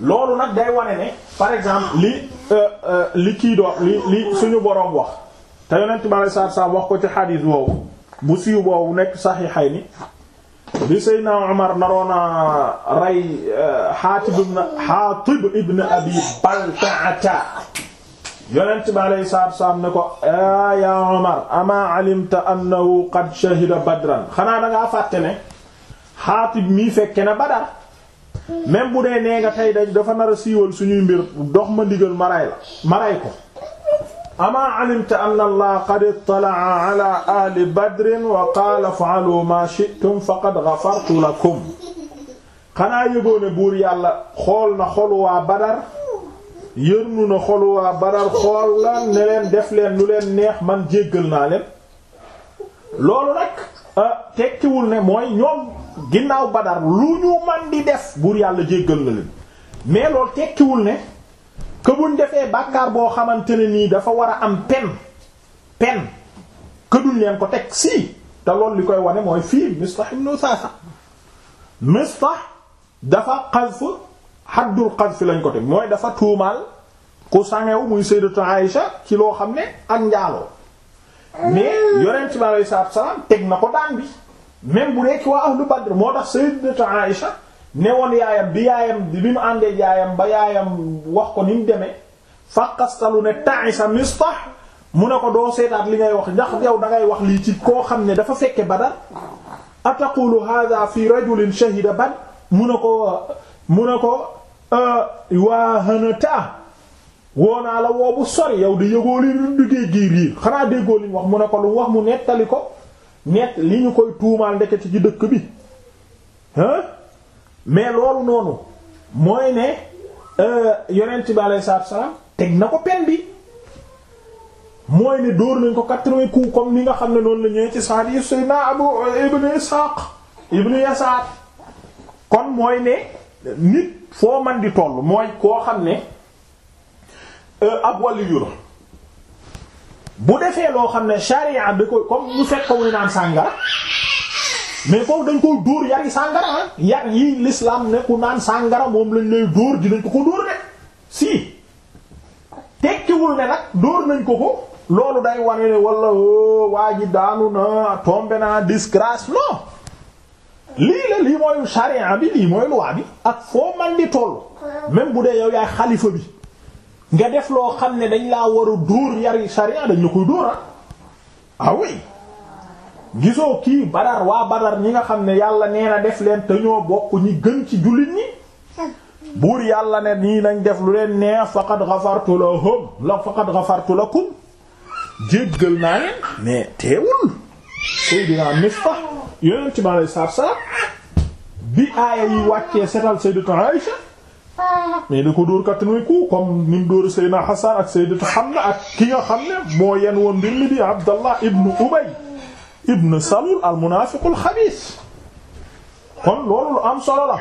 loolu nag day wane par exemple li euh, euh, li kii doo li suñu boroom wax te yonent bi aleyhi salaatu wax ko ci xadiis boobu bu siiw nekk saxiixay ni bi Seydina Omar naroona rey euh, Xaatib ibn Xaatib ibn Abi Baltaata yonent bi aleyhi salaatu salaam ne a ya Omar ama alimta annahu qad shahida badran xanaa dangaa fàtte ne Xaatib Badar même bu dee nee nga tey dañ dafa nar a siiwal suñuy mbir dox ma ndigal ma ray la ma ray ko amaa alimta anna allah qad ittala'a ala ahli badrin wa qaala fa'alu ma shi'tum faqad ghafartu lakum xanaa yëgoone buur yàlla xool na xolu waa badar yërnu na xolu waa badar xool la ne leen def leen lu leen neex man jéggal naa leen loolu nag ah, tekkiwul ne mooy ñoom ginnaaw badar lu ñu man di def buur yàlla jéggal na leen mais loolu tekkiwul ne que defee bàkkaar boo xamante ne nii dafa war a am pen pen que duñ leen ko teg si te loolu li koy wane mooy fii Mistah ibn Usasa Mistah dafa xazf haddul xazf lañ ko teg mooy dafa tuumaal ku sangew muy sayyidatu Aïsha ci loo xam ne ak njaaloo mais yonent bi alayhi salaam teg na ko daan bi même bu nekk ci am ahlu badr moo tax sayyidatu Aïsha ne woon yaayam bi yaayam bi mu àndee yaayam ba yaayam wax ko ni mu demee faqastalu ne ta'isa mistah mu ne ko doo seetaat li ngay wax ndax yow da ngay wax lii ci koo xam ne dafa fekke badar ataqulu hadha fi rajulin shahida bad mu ne ko mu ne ko euh, waa hanata woonaa la woobu sori yow di yëgoo li duggee géir yi xanaa déggoo liñ wax mu ne ko lu wax mu nettali ko nekk li ñu koy tuumaal ndekete ci dëkk bi hein mais loolu noonu mooy ne euh, yonent bi alayhi salaatu salaam teg na ko pen bi mooy ne dóor nañ ko quatre-vingts coups comme ni nga xam ne noonu la ñëwee ci saad yi Seydina Abu euh, Ibn Ishaq Ibn Yasaar kon mooy ne nit foo man di toll mooy koo xam ne euh, ab wàllu yu bu defee loo xam ne charia da koy comme ñu fekk ko muy naan sàngara mais foofu dañ koy dóor yari sàngara ah yi lislaam ne ku naan sàngara moom lañ lay dóor dinañ ko ko dóor de si tekkiwul ne nag dóor nañ ko ko loolu day wane ne wala oh, waa ji daanu na tombé na disgrâce non lii la lii mooy charia bi lii mooy loi bi ak foo man di toll même bu dee yow yaay xalifa bi nga def loo xam ne dañ laa war a dóor yari sharia dañ la koy dóora ah. ah oui gisoo kii badar waa badar ñi nga xam ne yàlla nee na def leen te ñoo bokk ñi gën ci jullit ñi buur yàlla ne nii nañ def lu leen neex faqad ghafartu lahum la faqad ghafartu lakum jéggal naa leen mais teewul Seydina Mifta yonent bi alayhi salaatu wa salaam bi aaya yi wàccee setal Sayyidatu Aïsha Ah. mais da ko dóor kattanuy ku comme ni mu dóor Seydina Hassan ak Sayyidatu Hamna ak ki nga xam ne moo yen woon mbir mi di Abdallah ibn Ubay ibn Salul al munaafiqul xabiis kon loolu lu am solo la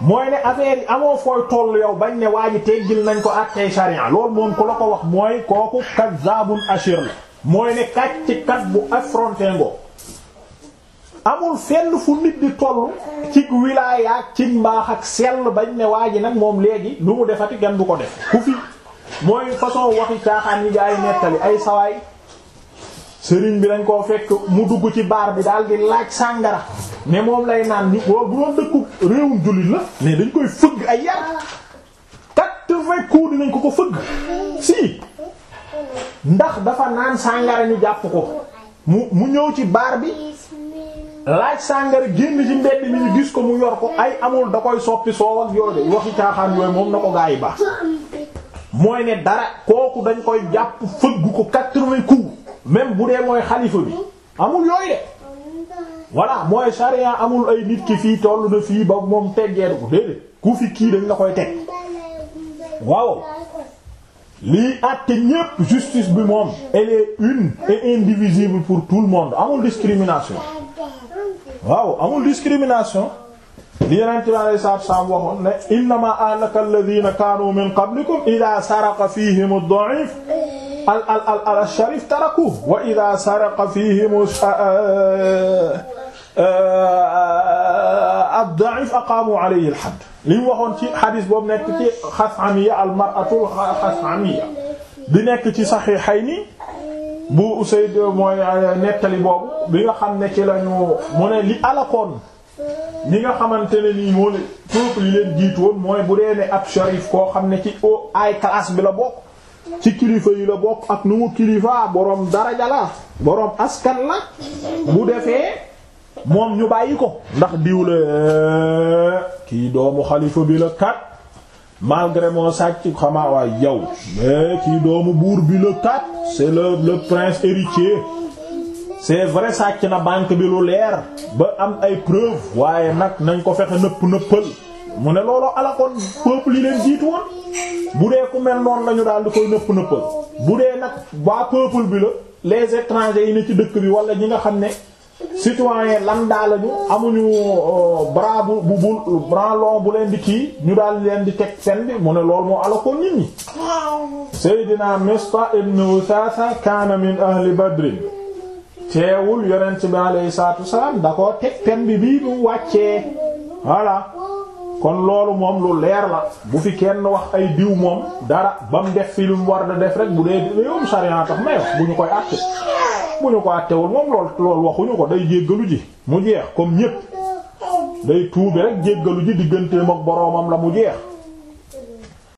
mooy ne affaire amoo fooy toll yow bañ ne waa ji teggil nañ ko àttee sharia loolu moom la ko wax mooy kooku kazaabun ashir la mooy ne kàcc kat bu amul fenn fu nit di toll ci wilaaya ak ci mbaax ak sell bañ ne waa ji nag moom léegi lu mu defati kenn du ko def ku fi mooy façon waxi caaxaan yi gaa yi nettali ay sawaay sëriñ bi dañ koo fekk mu dugg ci baar bi daal di laaj sàngara ne moom lay naan ni bu doon dëkku réewum jullit la mais dañ koy fëgg ay yar quatre-vingts coups dinañ ko ko fëgg si ndax dafa naan sàngara ñu jàpp ko mu mu ñëw ci baar bi laaj sàngara génn ci mbedd mi ñu gis ko mu yor ko ay amul da koy soppi soow ak yooyu de waxi caaxaan yooyu moom na ko gaa yi baax mooy ne dara kooku dañ koy jàpp fëgg ko quatre-vingts coups même bu dee mooy xalifa bi amul yooyu de voilà mooy sharia amul ay nit ki fii tollu na fii ba moom teggeedu ko déedéet ku fi kii dañ la koy teg waaw lii àtte ñépp justice bi moom elle est une indivisible pour tout le monde amul discrimination waaw amul discrimination li yeneen ci wàllu saabsaab waxoon ne innama ahlaka alladhina kaanu min qablikum idha saraqa fihim ad-da'if al al al al sharif tarakuhu wa idha saraqa fihim ad-da'if aqaamu alayhi al-hadd li mu waxoon ci xadis boobu nekk ci xasamiya al-mar'atu al-xasamiya di nekk ci saxiixayni bu Usayd mooy nettali boobu. bi nga xam ne ci lañu mu ne li alakoon ñi nga xamante ne nii moo peuple yi leen jiitoon mooy bu dee ne ab sharif koo xam ne ci o ay classe bi la bokk ci kilifa yi la bokk ak nu mu kilifa boroom daraja la boroom askan la bu defee moom ñu bàyyi ko ndax diw la kii doomu xalifa bi la kat malgré moo sàcc xamaa waay yow mais doomu buur bi la kat c'est le le prince héritier c'est vrai sàcc na banque bi lu leer ba am ay preuve waaye nag nañ ko fexe nëpp nëppal mu ne loolu alakoon peuple yi leen jiitu woon bu dee ku mel noonu la daal di koy nëpp nëppal bu dee nag waa peuple bi la les étrangers yi ne ci dëkk bi wala ñi nga xam ne citoyen lan daa lañu amuñu euh, bras bu bu bu long bu leen di kii ñu daal leen di teg seen bi mu ne loolu moo alakoon nit ñi Seydina Mista ibn Usasa kana min ahli Badr teewul yonent bi alayhi salaatu wasalaam da ko teg pen bi bii mu wàccee voilà kon loolu moom lu leer la bu fi kenn wax ay diw moom dara ba mu def fi lu mu war da def rek bu dee réewum sariya tax may bu ñu koy àtte bu ñu ko àttewul moom lool loolu waxuñu ko day jéggalu ji mu jeex comme ñépp day tuube rek jéggalu ji digganteem mook boroomam la mu jeex